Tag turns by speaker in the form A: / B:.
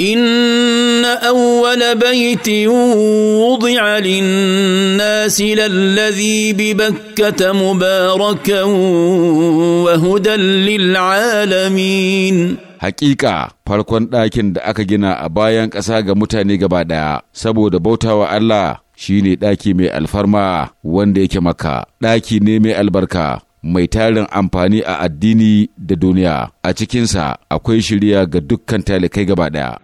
A: ان اول بيت وضع للناس للذي ببكه مباركا وهدى
B: للعالمين Hakika farkon ɗakin da aka gina a bayan ƙasa ga mutane gaba ɗaya saboda bautawa Allah shi ne ɗaki mai alfarma wanda yake maka, ɗaki ne mai albarka mai tarin amfani a addini da duniya a cikinsa akwai shirya ga dukkan talikai gaba ɗaya.